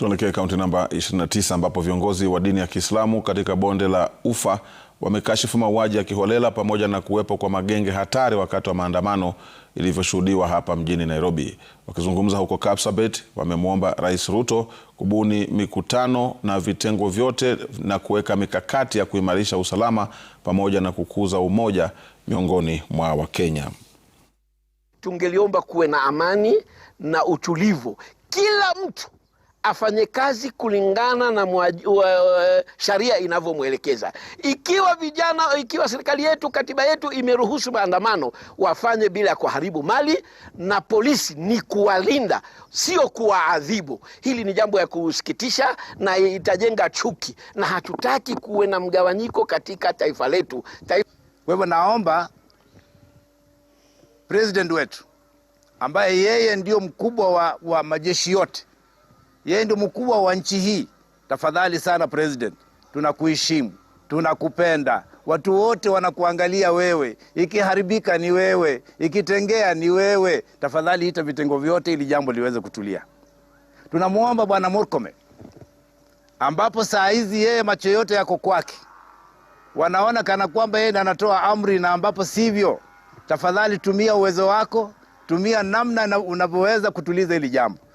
Tuelekee kaunti namba 29 ambapo viongozi wa dini ya Kiislamu katika bonde la Ufa wamekashifu mauaji ya kiholela pamoja na kuwepo kwa magenge hatari wakati wa maandamano ilivyoshuhudiwa hapa mjini Nairobi. Wakizungumza huko Kapsabet, wamemwomba Rais Ruto kubuni mikutano na vitengo vyote na kuweka mikakati ya kuimarisha usalama pamoja na kukuza umoja miongoni mwa Wakenya. Tungeliomba kuwe na amani na utulivu, kila mtu afanye kazi kulingana na uh, uh, sharia inavyomwelekeza. Ikiwa vijana, ikiwa serikali yetu, katiba yetu imeruhusu maandamano, wafanye bila ya kuharibu mali, na polisi ni kuwalinda, sio kuwaadhibu. Hili ni jambo ya kusikitisha na itajenga chuki, na hatutaki kuwe na mgawanyiko katika taifa letu taifa... Kwa hivyo naomba president wetu ambaye yeye ndio mkubwa wa, wa majeshi yote yeye ndio mkubwa wa nchi hii. Tafadhali sana president, tunakuheshimu, tunakupenda. Watu wote wanakuangalia wewe. Ikiharibika ni wewe, ikitengea ni wewe. Tafadhali ita vitengo vyote ili jambo liweze kutulia. Tunamwomba bwana Murkomen, ambapo saa hizi yeye macho yote yako kwake, wanaona kana kwamba yeye anatoa amri na ambapo sivyo. Tafadhali tumia uwezo wako, tumia namna unavyoweza kutuliza hili jambo.